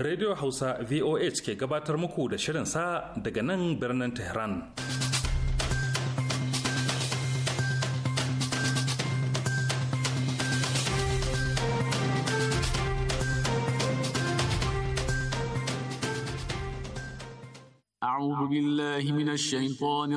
radio hausa voh ke gabatar muku da shirin sa daga nan birnin tehran. a abu biyar laifin na shimfe ni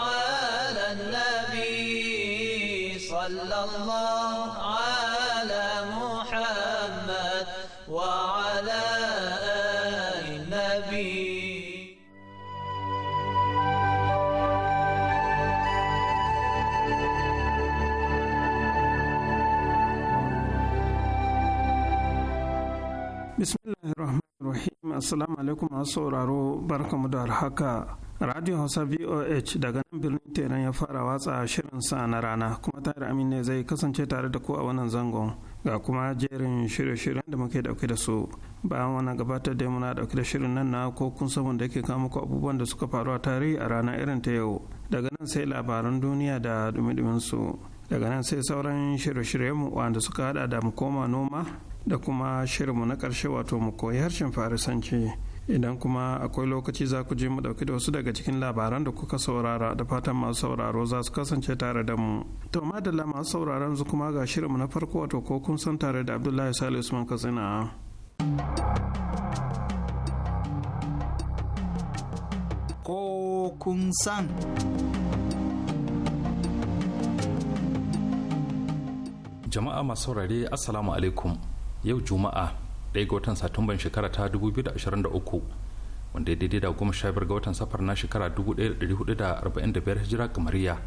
Bismillahirrahmanirrahim. Assalamu alaikum masu sauraro barkamu da haka. Radio Hausa VOH daga nan birnin Teran ya fara watsa shirinsa na rana kuma tare amin ne zai kasance tare da ku a wannan zangon ga kuma jerin shirye-shiryen da muke dauke da su. Bayan wannan gabatar da muna dauke da shirin nan na ko kun saman da ke kawo muku abubuwan da suka faru a tarihi a rana irin ta yau. Daga nan sai labaran duniya da dumi-dumin Daga nan sai sauran shirye-shiryenmu wanda suka hada da mu koma noma da kuma shirinmu na ƙarshe wato mu koyi harshen farisanci idan kuma akwai lokaci za ku je mu ɗauki da wasu daga cikin labaran da kuka saurara da fatan masu sauraro za su kasance tare da mu to madalla masu sauraron su kuma ga shirinmu na farko wato ko kun san tare da abdullahi salisu usman katsina ko kun san jama'a masu saurare assalamu alaikum yau juma'a ɗaya ga watan satumban shekara ta 2023 wanda ya daidai da goma sha biyar ga watan safar na shekara 1445 hijira kamariya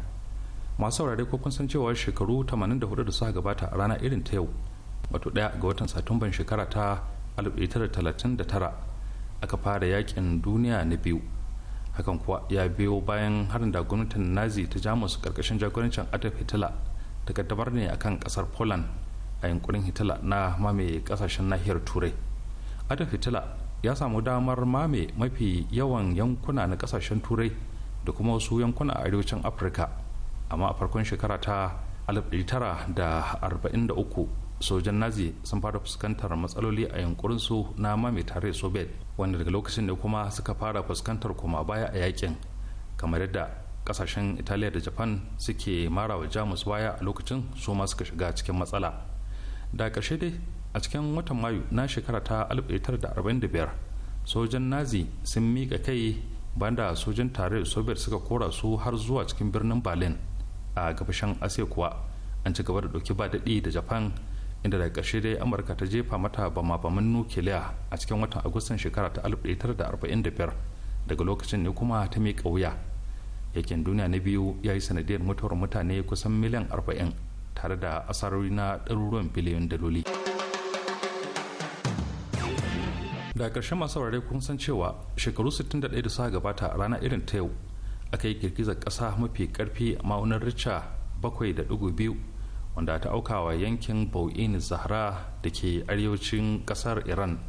masu saurare ko kun san cewa shekaru 84 da suka gabata a rana irin ta yau wato ɗaya ga watan satumban shekara ta 1939 aka fara yakin duniya na biyu hakan kuwa ya biyo bayan harin da gwamnatin nazi ta jamus karkashin jagorancin adolf hitler ta kaddamar ne akan kasar poland a yankurin hitila na mame kasashen nahiyar turai adolf hitala ya samu damar mame mafi yawan yankuna na kasashen turai da kuma wasu yankuna a arewacin afirka amma a farkon shekara ta 1943 sojan nazi sun fara fuskantar matsaloli a su na mame tare soviet wanda daga lokacin da kuma suka fara fuskantar koma baya a yakin kamar yadda kasashen italiya da japan suke mara wa jamus baya a lokacin su ma suka shiga cikin matsala da ƙarshe dai a cikin watan mayu na shekara ta 1945 sojan nazi sun mika kai banda sojan tarayyar soviet suka kora su har zuwa cikin birnin berlin a gabashin asiya kuwa an ci gaba da ɗauki ba daɗi da japan inda da ƙarshe dai amurka ta jefa mata bama-baman nukiliya a cikin watan agustan shekara ta 1945 daga lokacin ne kuma ta miƙa wuya yakin duniya na biyu ya yi sanadiyar mutuwar mutane kusan miliyan 40 tare da asarori na ɗaruruwan biliyon daloli da ƙarshen masu saurare kun san cewa shekaru 61 da suka gabata a ranar irin ta yau aka yi girgizar ƙasa mafi ƙarfi a da richa biyu wanda ta auka wa yankin bau'in zahra da ke arewacin ƙasar iran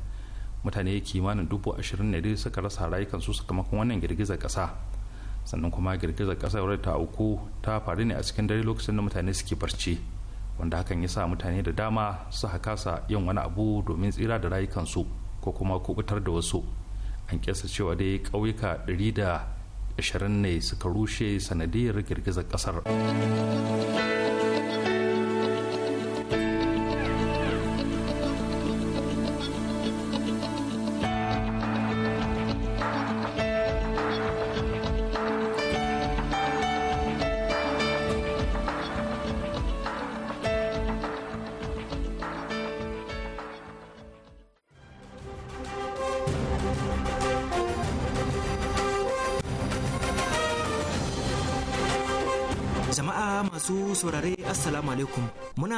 mutane kimanin dubu ashirin ne suka rasa rayukansu sakamakon wannan girgizar ƙasa sannan kuma girgizar kasar ta auku ta faru ne a cikin dare lokacin da mutane suke barci wanda hakan ya sa mutane da dama su kasa yin wani abu domin tsira da rayukansu ko kuma kubutar da wasu an kesa cewa dai ƙauyuka 120 ne suka rushe sanadiyar girgizar kasar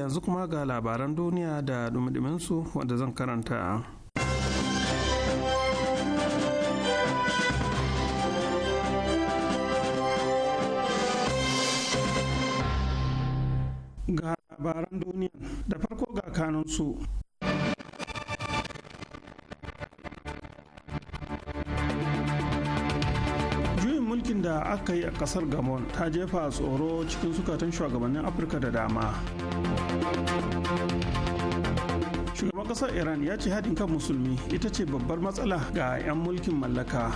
yanzu kuma ga labaran duniya da su wanda zan karanta. Ga labaran duniya da farko ga kanunsu. mulkin da aka yi a kasar gabon ta jefa tsoro cikin sukatan shugabannin afirka da dama shugaban kasar iran ya ce haɗin kan musulmi ita ce babbar matsala ga 'yan mulkin mallaka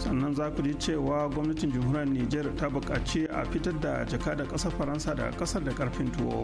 sannan za ku ji cewa gwamnatin jamhuriyar niger ta buƙaci a fitar da jaka da ƙasar faransa daga ƙasar da ƙarfin tuwo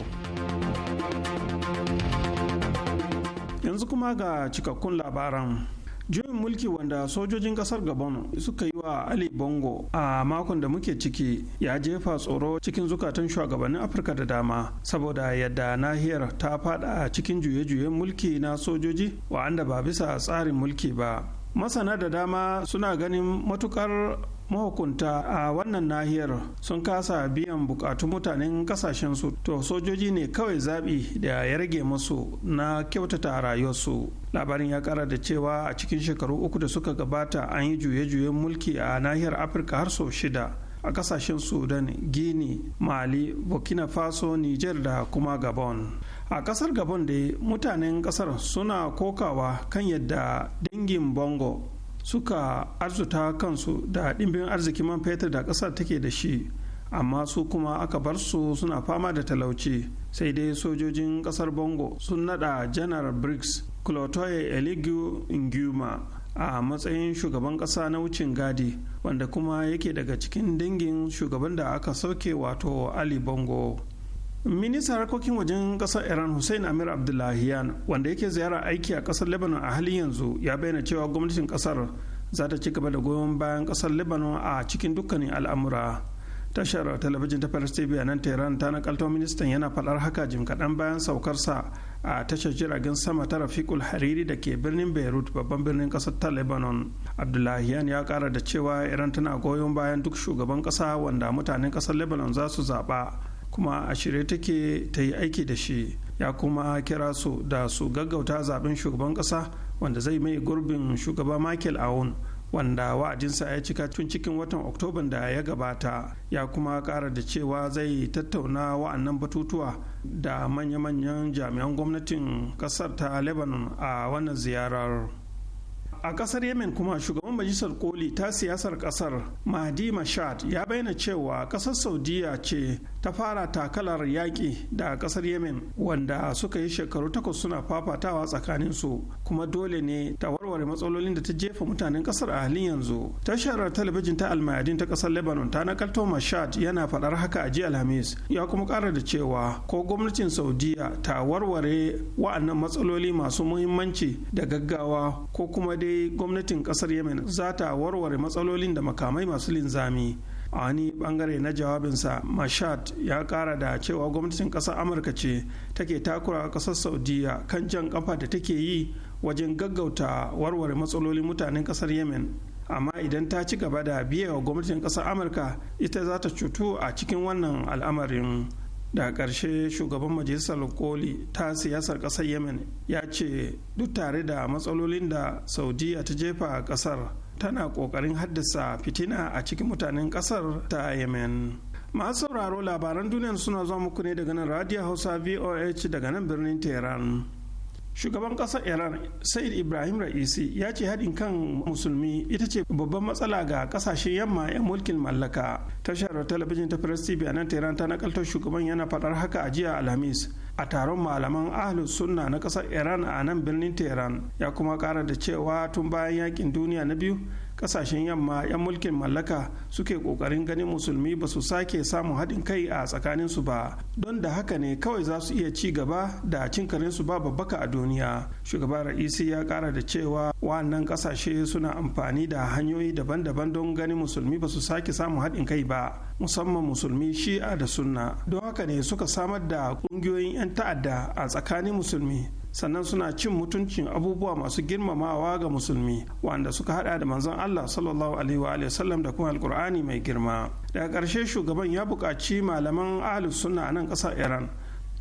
yanzu kuma ga cikakkun labaran juyin mulki wanda sojojin kasar gabon suka yi wa ali bongo a makon da muke ciki ya jefa tsoro cikin zukatan shugabannin afirka da dama saboda yadda nahiyar ta fada cikin juye-juyen mulki na sojoji wa'anda ba bisa tsarin mulki ba masana da dama suna ganin matukar mahukunta a wannan nahiyar sun kasa biyan bukatun mutanen kasashensu to sojoji ne kawai zaɓi da ya rage musu na kyautata rayuwarsu labarin ya kara da cewa a cikin shekaru uku da suka gabata an yi juye-juyen mulki a nahiyar afirka har sau shida a kasashen sudan gini mali burkina faso niger da kuma gabon a kasar gabon dai mutanen kasar suna kokawa kan yadda dingin bongo suka arzuta kansu da ɗimbin arziki man fetur da ƙasar take da shi amma su kuma aka bar su suna fama da talauci sai dai sojojin ƙasar bongo sun nada janar briggs clotoye eligu inguma a matsayin shugaban ƙasa na wucin gadi wanda kuma yake daga cikin dangin shugaban da aka sauke wato ali bongo ministan harkokin wajen kasar iran hussein amir abdullahiyan wanda yake ziyara aiki a kasar lebanon a halin yanzu ya bayyana cewa gwamnatin kasar za ta ci gaba da goyon bayan kasar lebanon a cikin dukkanin al'amura tashar talabijin ta paris tv a nan tehran ta nakalto ministan yana faɗar haka jim kaɗan bayan saukarsa a tashar jiragen sama ta rafiqul hariri da ke birnin beirut babban birnin ƙasar ta lebanon abdullahian ya kara da cewa iran tana goyon bayan duk shugaban ƙasa wanda mutanen ƙasar lebanon za su zaɓa kuma a shirye take ta yi aiki da shi ya kuma kira su da su gaggauta zaben shugaban kasa, wanda zai mai gurbin shugaba michael aoun wanda wa'adinsa ya cika tun cikin watan oktoban da ya gabata ya kuma kara da cewa zai tattauna wa'annan batutuwa da manya-manyan jami'an gwamnatin kasar ta lebanon a wannan ziyarar a kasar yemen kuma shugaban majalisar koli ta siyasar kasar mahdi mashad ya bayyana cewa kasar saudiya ce ta fara takalar yaƙi da kasar yemen wanda suka yi shekaru takwas suna fafatawa tsakanin su kuma dole ne ta warware matsalolin da ta jefa mutanen kasar a halin yanzu tashar talabijin ta almayadin ta kasar lebanon ta nakalto mashad yana faɗar haka a jiya alhamis ya kuma ƙara da cewa ko gwamnatin saudiya ta warware wa'annan matsaloli masu muhimmanci da gaggawa ko kuma dai dai gwamnatin kasar yemen za ta warware matsalolin da makamai masu linzami a wani bangare na jawabinsa mashad ya kara da cewa gwamnatin kasar amurka ce take takura kasar saudiya kan jan kafa da take yi wajen gaggauta warware matsalolin mutanen kasar yemen amma idan ta ci gaba da wa gwamnatin kasar amurka ita za ta cutu a cikin wannan al'amarin da ƙarshe shugaban majalisar koli ta siyasar ƙasar yemen ya ce duk tare da matsalolin da saudiya ta jefa ƙasar tana ƙoƙarin haddasa fitina a cikin mutanen ƙasar ta yemen masu sauraro labaran duniya suna zuwa muku ne daga nan radio hausa voh daga nan birnin tehran shugaban ƙasar iran said ibrahim ra'isi ya ce haɗin kan musulmi ita ce babban matsala ga ƙasashen yamma 'yan mulkin mallaka tashar talabijin ta press tv a nan tehran ta nakaltar shugaban yana faɗar haka a jiya alhamis a taron malaman ahlus sunna na ƙasar iran a nan birnin tehran ya kuma ƙara da cewa tun bayan yakin duniya na biyu kasashen yamma 'yan mulkin mallaka suke kokarin ganin musulmi ba su sake samun haɗin kai a tsakaninsu ba don da haka ne kawai za su iya ci gaba da cin su ba babbaka a duniya shugaba ra'isi ya ƙara da cewa wannan kasashe suna amfani da hanyoyi daban-daban don ganin musulmi ba su sake samun haɗin kai ba musamman musulmi shi'a da sunna don haka ne suka samar da ƙungiyoyin 'yan ta'adda a tsakanin musulmi sannan suna cin mutuncin abubuwa masu girmamawa ga musulmi wanda suka hada da manzon Allah sallallahu alaihi wa sallam da kuma alkur'ani mai girma daga karshe shugaban ya buƙaci malaman ahlus sunna nan ƙasar Iran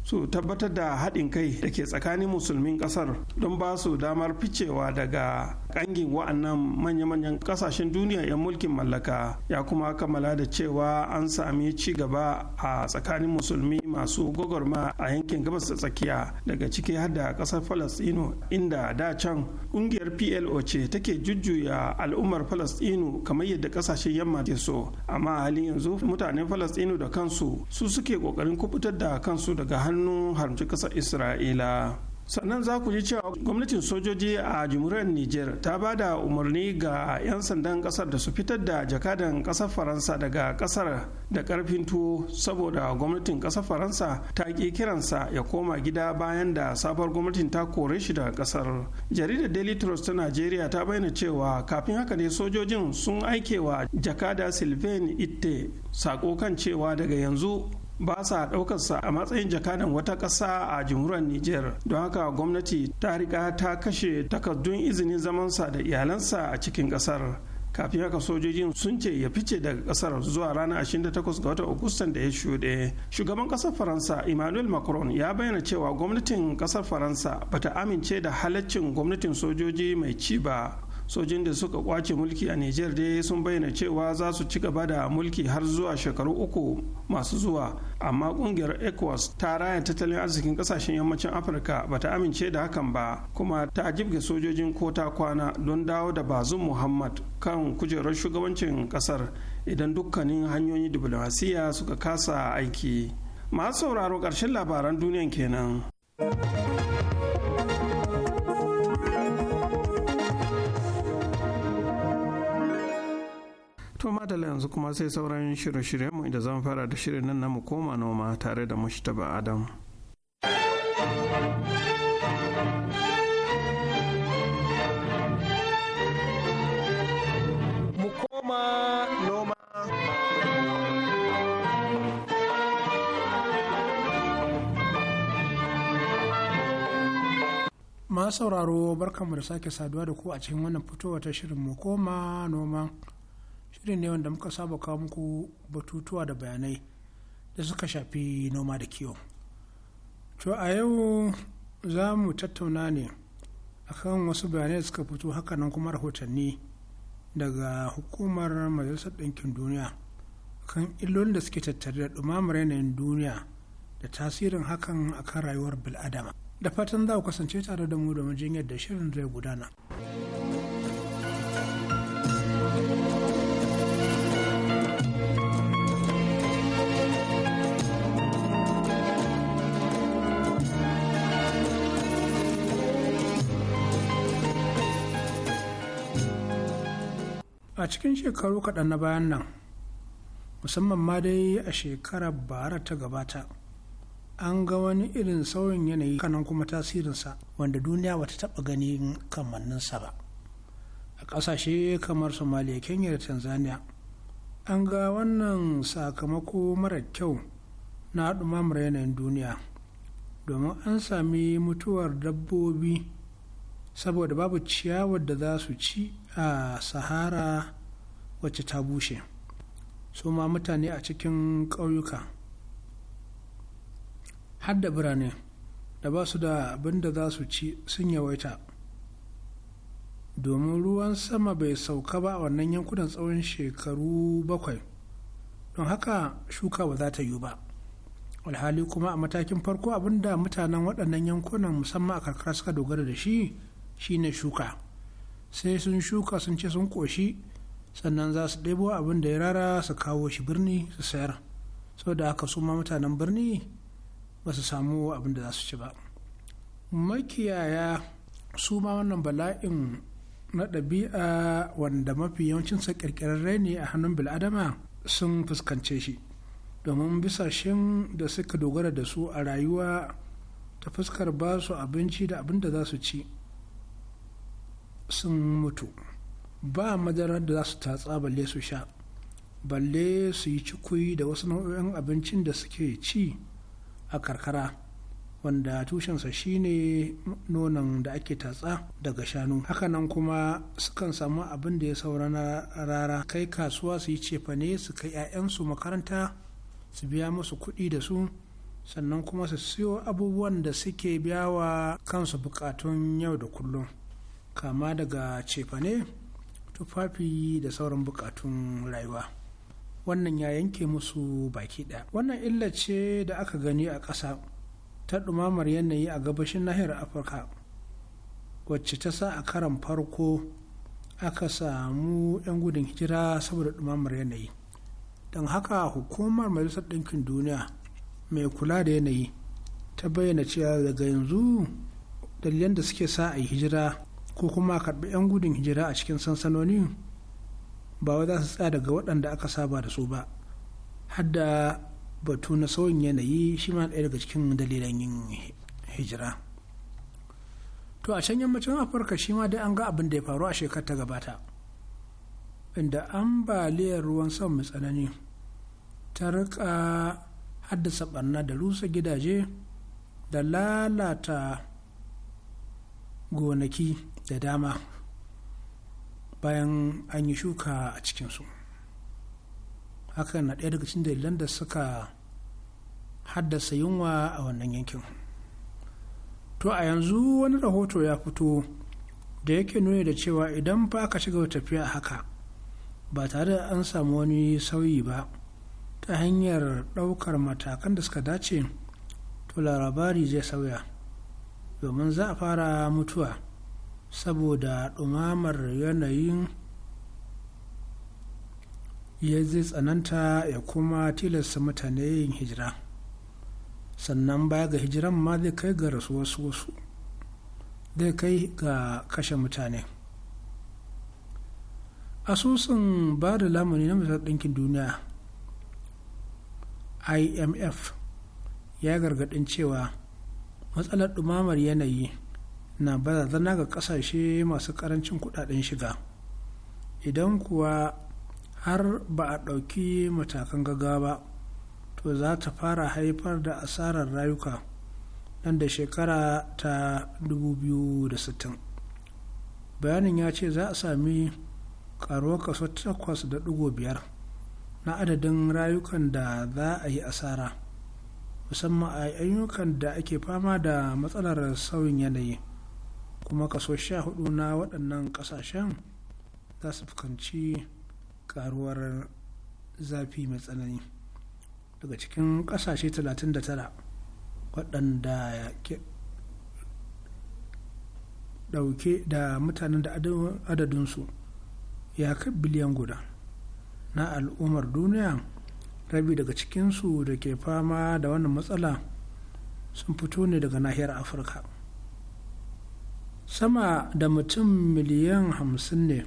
su tabbatar da haɗin kai da ke tsakanin musulmin ƙasar don ba su damar ficewa daga kangin wa'annan manya-manyan kasashen duniya 'yan mulkin mallaka ya kuma kammala da cewa an sami ci gaba a tsakanin musulmi masu gwagwarma a yankin gabas da tsakiya daga ciki har da kasar falastino inda da can kungiyar plo ce take jujjuya al'ummar falastino kamar yadda kasashen yamma ke so amma halin yanzu mutanen falastino da kansu su suke kokarin kubutar da kansu daga hannun haramci kasar isra'ila sannan za ku ji cewa gwamnatin sojoji a jamhuriyar niger ta ba da umarni ga 'yan sandan kasar da su fitar da jakadan kasar faransa daga kasar da karfin tuwo saboda gwamnatin kasar faransa ta ƙi kiransa ya koma gida bayan da sabuwar gwamnatin ta kore shi daga kasar jaridar daily trust ta nigeria ta bayyana cewa kafin haka ne sojojin sun aike wa jakada sylvain itte sako kan cewa daga yanzu ba sa ɗaukarsa a matsayin jakadan wata ƙasa a jamhuriyar Nijar. Don haka gwamnati ta riƙa ta kashe takardun izinin zamansa da iyalansa a cikin ƙasar. Kafin haka sojojin sun ce ya fice daga ƙasar zuwa ranar 28 ga watan Agustan da ya shuɗe. Shugaban ƙasar Faransa Emmanuel Macron ya bayyana cewa gwamnatin ƙasar Faransa bata amince da halaccin gwamnatin sojoji mai ci ba sojin da suka kwace mulki a niger dai sun bayyana cewa za su ci gaba da mulki har zuwa shekaru uku masu zuwa amma kungiyar ecowas ta raya tattalin arzikin kasashen yammacin afirka ba ta amince da hakan ba kuma ta jibge sojojin ko ta kwana don dawo da bazum muhammad kan kujerar shugabancin kasar idan dukkanin hanyoyin diplomasiya suka kasa aiki masu sauraro ƙarshen labaran duniyan kenan. To madala yanzu kuma sai sauran shirye mu inda zan fara da shirin nan namu koma noma tare da mushtaba Adam. Ma sauraro barkanmu da sake saduwa da ku a cikin wannan fitowa ta shirin mu koma noma. shirin ne wanda muka saba kawo muku batutuwa da bayanai da suka shafi noma da kiwo to a yau za mu tattauna ne akan wasu bayanai da suka fito hakanan kuma rahotanni daga hukumar majalisar ɗinkin duniya kan illolin da suke tattare da ɗumamar yanayin duniya da tasirin hakan akan rayuwar bil'adama da fatan za ku kasance tare da mu domin jin yadda shirin zai gudana. a cikin shekaru kaɗan na bayan nan musamman ma dai a shekarar bara ta gabata an ga wani irin sauyin yanayi kanan kuma tasirinsa wanda duniya bata taɓa ganin kamanninsa ba a ƙasashe kamar somalia kenya da tanzania an ga wannan sakamako mara kyau na ɗumamar yanayin duniya domin an sami mutuwar dabbobi saboda babu ciyawar da za su ci a sahara wacce ta bushe su ma mutane a cikin ƙauyuka har da birane da ba su da abin da za su ci sun yawaita domin ruwan sama bai sauka ba a wannan yankunan tsawon shekaru bakwai don haka shuka ba za ta yiwu ba alhali kuma a matakin farko abin da mutanen waɗannan yankunan musamman a karkara suka dogara da shi shine shuka sai sun shuka sun ce sun ƙoshi sannan za su ɗebo abin da ya rara su kawo shi birni su sayar sau da haka suma mutanen birni ba su samu abin da za su ci ba makiyaya su ma wannan bala'in na ɗabi'a wanda mafi yawancinsa ƙirƙirarre ne a hannun bil'adama sun fuskance shi domin bisashen da suka dogara da su a rayuwa ta fuskar ba su abinci da abin da za su ci sun mutu ba madarar da za su tatsa balle su sha balle su yi cikuyi da wasu nau'o'in abincin da suke ci a karkara wanda tushensa shine nonon da ake tatsa daga shanu hakanan kuma sukan samu abin da ya saura na rara kai kasuwa su yi cefane su kai 'ya'yansu makaranta su biya musu kuɗi da su sannan kuma su siyo abubuwan da suke biya wa kansu bukatun yau da kullum kama daga cefane tufafi da sauran bukatun rayuwa wannan ya yanke musu baki ɗaya wannan illa ce da aka gani a ƙasa ta ɗumamar yanayi a gabashin nahiyar afirka wacce ta sa a karan farko aka samu 'yan gudun hijira saboda ɗumamar yanayi don haka hukumar majalisar ɗinkin duniya mai kula da yanayi ta bayyana cewa daga yanzu dalilan da suke sa a yi hijira ko kuma a karɓi 'yan gudun hijira a cikin sansanoni ba wa za su tsaya daga waɗanda aka saba da su ba hadda batu na sauyin yanayi shi ma ɗaya daga cikin dalilan yin hijira to a can yammacin afirka shi ma dai an ga abin da ya faru a shekar ta gabata inda ambaliyar ruwan sama mai tsanani ta rika haddasa barna da rusa gidaje da lalata gonaki da dama bayan an yi shuka a cikinsu hakan na ɗaya daga cikin dalilan da suka haddasa yunwa a wannan yankin to a yanzu wani rahoto ya fito da yake nuni da cewa idan ba aka shiga tafiya haka ba tare da an samu wani sauyi ba ta hanyar ɗaukar matakan da suka dace to larabari zai sauya domin za a fara mutuwa saboda ɗumamar yanayin ya zai tsananta ya kuma tilasta mutane yin hijira sannan baya ga hijiran ma zai kai ga rasuwarsu wasu zai kai ga kashe mutane asusun ba da lamuni na masar ɗinkin duniya imf ya gargaɗin cewa matsalar ɗumamar yanayi na barazana ga kasashe masu karancin kudaden shiga idan kuwa har ba a ɗauki matakan gaggawa ba to za ta fara haifar da asarar rayuka nan da shekara ta 2060 bayanin ya ce za a sami karuwa kaso 8.5 na adadin rayukan da za a yi asara musamman a ayyukan da ake fama da matsalar sauyin yanayi kuma kaso sha hudu na waɗannan ƙasashen za su fuskanci karuwar zafi mai tsanani daga cikin ƙasashe 39 waɗanda ke ɗauke da mutanen da adadinsu ya kai biliyan guda na al'ummar duniya rabi daga cikinsu da ke fama da wannan matsala sun fito ne daga nahiyar afirka sama da mutum miliyan hamsin ne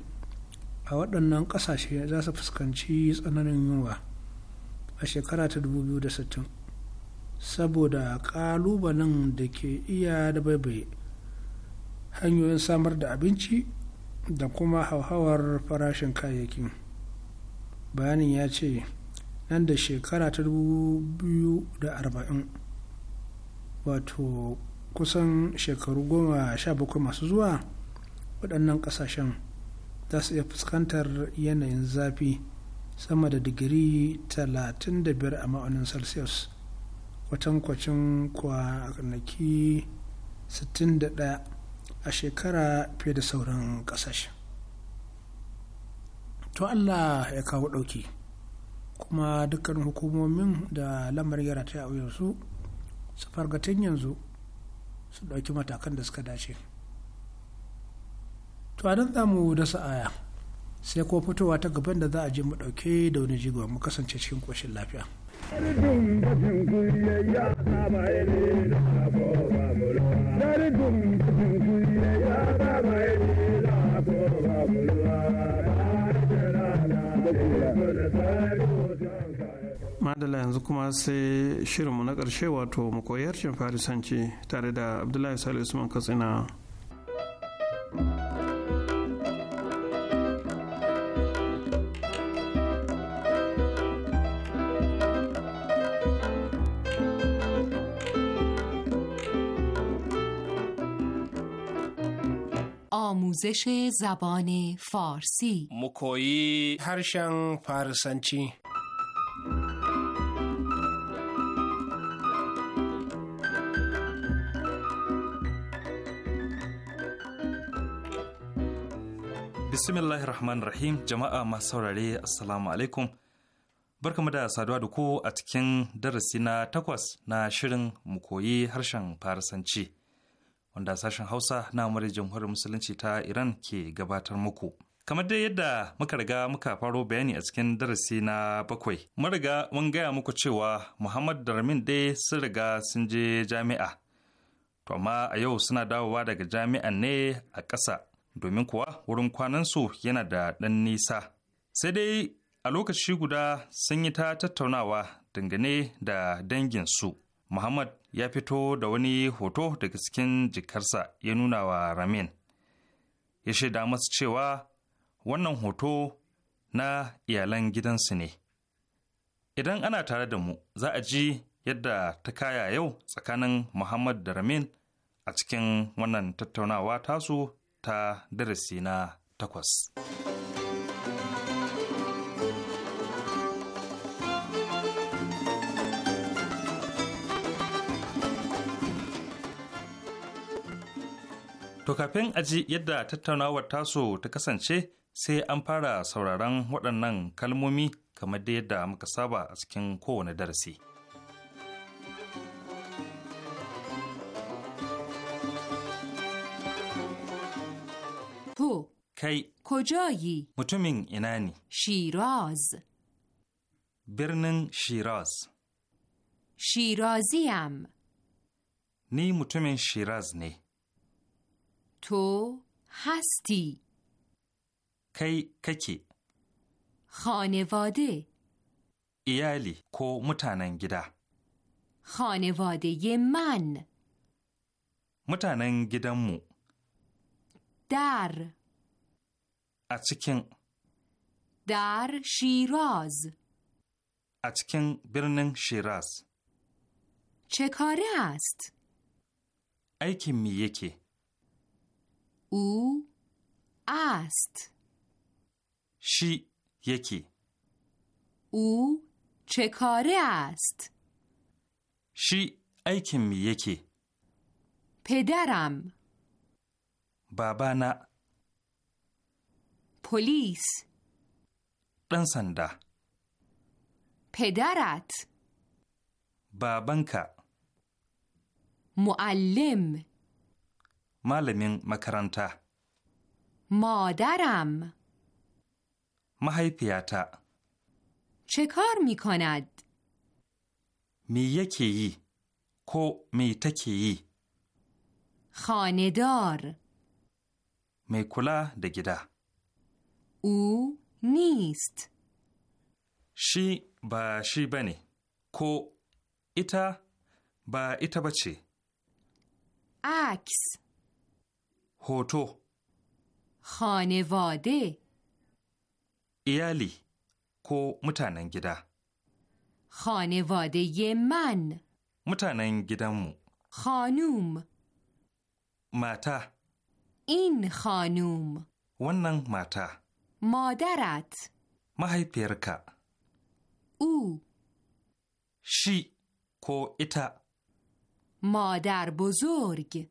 a waɗannan ƙasashe za su fuskanci tsananin yunwa a shekara ta 2060 saboda ƙalubalen da ke iya da baibaye hanyoyin samar da abinci da kuma hauhawar farashin kayayyakin bayanin ya ce nan da shekara ta 2040 wato kusan shekaru goma sha bakwai masu zuwa waɗannan ƙasashen za su iya fuskantar yanayin zafi sama da digiri 35 a ma'aunin celsius kwatankwacin kwanaki 61 a shekara fiye da sauran ƙasashe to allah ya kawo ɗauki kuma dukkan hukumomin da lamar yara ta su su fargatun yanzu su ɗauki matakan da suka dace to a za mu dasa aya sai ko fitowa ta gaban da za a je mu ɗauke da wani jigon mu kasance cikin ƙoshin lafiya Thank you. madala yanzu kuma sai shirinmu na ƙarshe wato mu harshen farisanci tare da abdullahi salisu usman katsina آموزش زبان فارسی مکویی هرشن فارسنچی bismillahir rahmanir rahim jama'a masu saurare assalamu alaikum barkamu da saduwa da ku a cikin darasi na takwas na shirin mu koyi harshen farasanci wanda sashen hausa na murar jamhuriyar musulunci ta iran ke gabatar muku kamar dai yadda muka riga muka faro bayani a cikin darasi na bakwai mun riga mun gaya muku cewa muhammad darmin dai sun riga sun je jami'a to amma a yau suna dawowa daga jami'an ne a ƙasa domin kuwa wurin kwanansu yana da ɗan nisa. Sai dai a lokaci guda sun yi ta tattaunawa dangane da danginsu. Muhammad ya fito da wani hoto daga cikin jikarsa ya nuna wa Ramin. Ya shaida masu cewa wannan hoto na iyalan gidansu ne. Idan ana tare da mu, za a ji yadda ta kaya yau tsakanin Muhammad da Ramin a cikin wannan tattaunawa tasu ta darasi na takwas. To kafin aji yadda tattaunawar taso ta kasance sai an fara sauraron waɗannan kalmomi kamar da yadda muka saba a cikin kowane darasi. کی کجایی؟ متومین اینانی شیراز برنن شیراز شیرازیم نی متومین شیراز نی تو هستی کی ککی خانواده ایالی کو متانن خانواده من متانن مو در اچکن در شیراز اچکن برنن شیراز چه کاره است؟ ای که می یکی او است شی یکی او چه کاره است؟ شی ای که می یکی پدرم بابا نه پلیس دن سندا پدرت بابنکا معلم معلمین مکرانتا مادرم مهیپیاتا چه کار می کند؟ می یکی ای. کو می تکی ای. خاندار می کلا دگیده او نیست شی با شی بنی کو ایتا با ایتا بچه عکس هوتو خانواده ایالی کو متانن گدا خانواده من متانن گدامو خانوم ماتا این خانوم ونن ماتا مادرت پیرکا او شی کو ایتا مادر بزرگ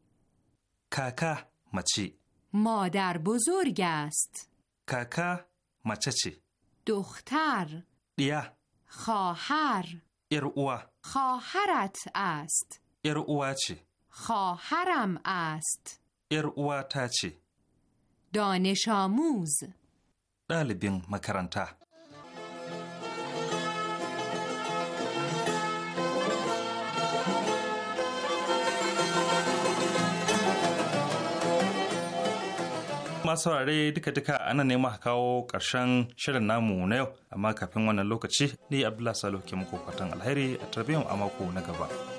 کاکا مچی مادر بزرگ است کاکا مچچی دختر دیا خواهر ارعوا خواهرت است ارعوا چی خواهرم است ارعوا تا چی دانش آموز ɗalibin makaranta. masu saurare duka-duka ana nema kawo ƙarshen shirin namu na yau amma kafin wannan lokaci ne abdullahi salo ke muku fatan alheri a tarbiyyar a mako na gaba.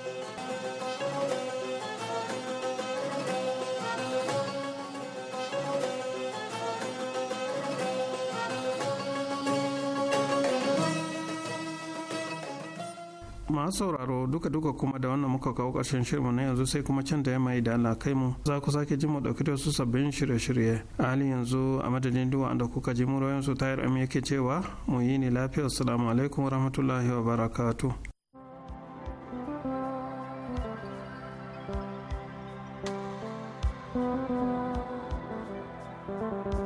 masu sauraro duka duka kuma da wannan muka kawo ƙarshen shirmu na yanzu sai kuma canza ya mai da Allah kai mu za ku sake jin mu dauki da su sabbin shirye-shirye a halin yanzu a madadin duwa da kuka ji mu rayuwar su tayar am yake cewa mu yi ni lafiya assalamu alaikum warahmatullahi wabarakatuh thank you